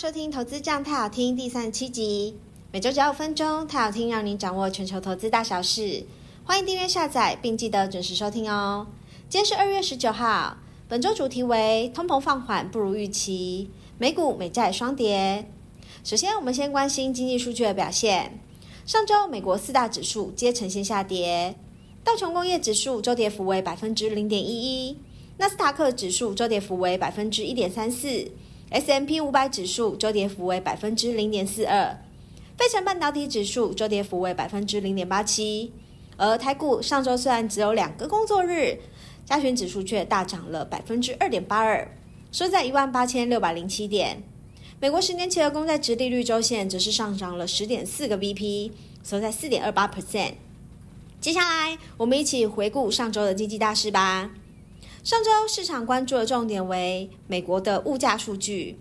收聽《投資這樣泰好聽》第三十七集，每週只要五分鐘，太好聽，讓您掌握全球投資大小事。歡迎訂閱下載，並記得準時收聽哦。今天是二月十九號，本週主題為通膨放緩不如預期，美股美債雙跌。首先，我們先關心經濟數據的表現。上週，美國四大指數皆呈現下跌，道瓊工業指數週跌幅為百分之零點一一，納斯達克指數週跌幅為百分之一點三四。S&P 五百指數週跌幅為百分之零點四二，費城半導體指數週跌幅為百分之零點八七，而台股上週雖然只有兩個工作日，加權指數卻大漲了百分之二點八二，收在一萬八千六百零七點。美國十年期的公債殖利率週線則是上漲了十點四個 b p，收在四點二八 percent。接下來，我們一起回顧上週的經濟大事吧。上週市場關注的重點為美國的物價數據。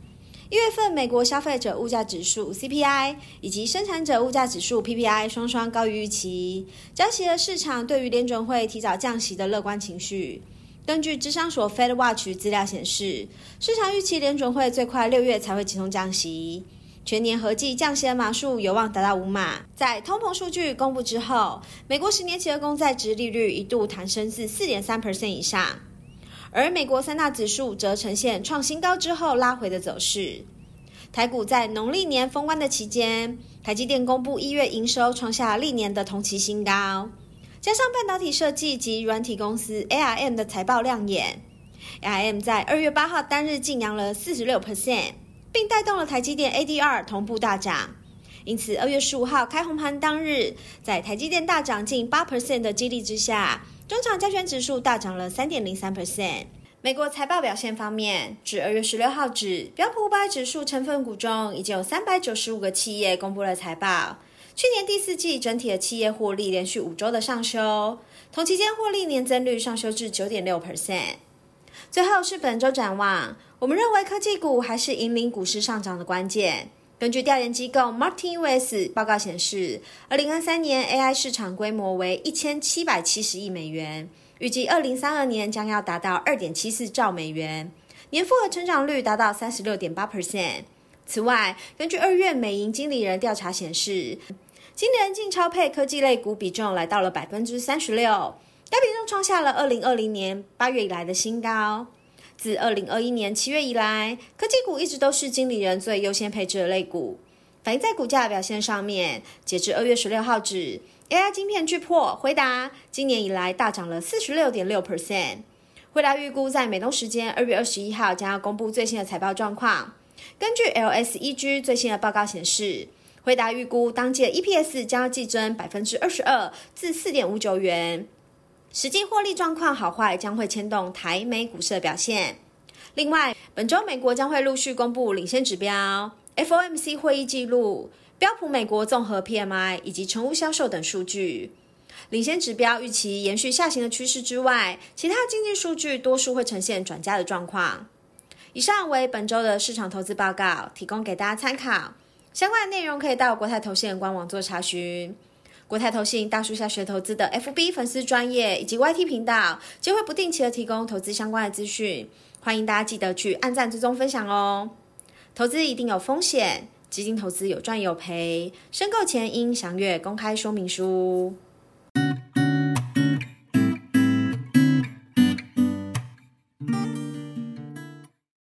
一月份美國消費者物價指數 （CPI） 以及生產者物價指數 （PPI） 雙雙高於預期，澆熄了市場對於聯準會提早降息的樂觀情緒。根據芝商所 （FedWatch） 資料顯示，市場預期聯準會最快六月才會啟動降息，全年合計降息的碼數有望達到五碼。在通膨數據公布之後，美國十年期的公債殖利率一度彈升至四點三 percent 以上。而美國三大指數則呈現創新高之後拉回的走勢。台股在農曆年封關的期間，台積電公布一月營收創下歷年的同期新高，加上半導體設計及軟體公司 A R M 的財報亮眼，A R M 在二月八號單日勁揚了四十六 percent，並帶動了台積電 A D R 同步大漲。因此，二月十五號開紅盤當日，在台積電大漲近八 percent 的激勵之下，終場加權指數大漲了三點零三 percent。美國財報表現方面，至二月十六號止，標普五百指數成分股中已經有三百九十五個企業公布了財報。去年第四季整體的企業獲利連續五周的上修，同期間獲利年增率上修至九點六 percent。最後是本周展望，我們認為科技股還是引領股市上漲的關鍵。根據調研機構 Martin US 報告顯示，二零二三年 AI 市場規模為一千七百七十億美元，預計二零三二年將要達到二點七四兆美元，年複合成長率達到三十六點八 percent。此外，根據二月美銀經理人調查顯示，經理人淨超配科技類股比重來到了百分之三十六，該比重創下了二零二零年八月以來的新高。自二零二一年七月以來，科技股一直都是經理人最優先配置的類股。反映在股價的表現上面，截至二月十六號止，AI 晶片巨擘，輝達今年以來大漲了四十六點六 percent。輝達預估在美東時間二月二十一號將要公布最新的財報狀況。根據 LSEG 最新的報告顯示，輝達預估當季 EPS 將要季增百分之二十二，至四點五九元。實際獲利狀況好壞將會牽動台美股市的表現。另外，本週美國將會陸續公布領先指標、FOMC 會議記錄、標普美國綜合 PMI 以及成屋銷售等數據。領先指標預期延續下行的趨勢之外，其他經濟數據多數會呈現轉佳的狀況。以上為本週的市場投資報告，提供給大家參考。相關的內容可以到國泰投信官網做查詢。國泰投信大樹下學投資的 FB 粉絲專頁以及 YT 頻道，將會不定期的提供投資相關的資訊，歡迎大家記得去按讚、追蹤、分享哦。投資一定有風險，基金投資有賺有賠，申購前應詳閱公開說明書。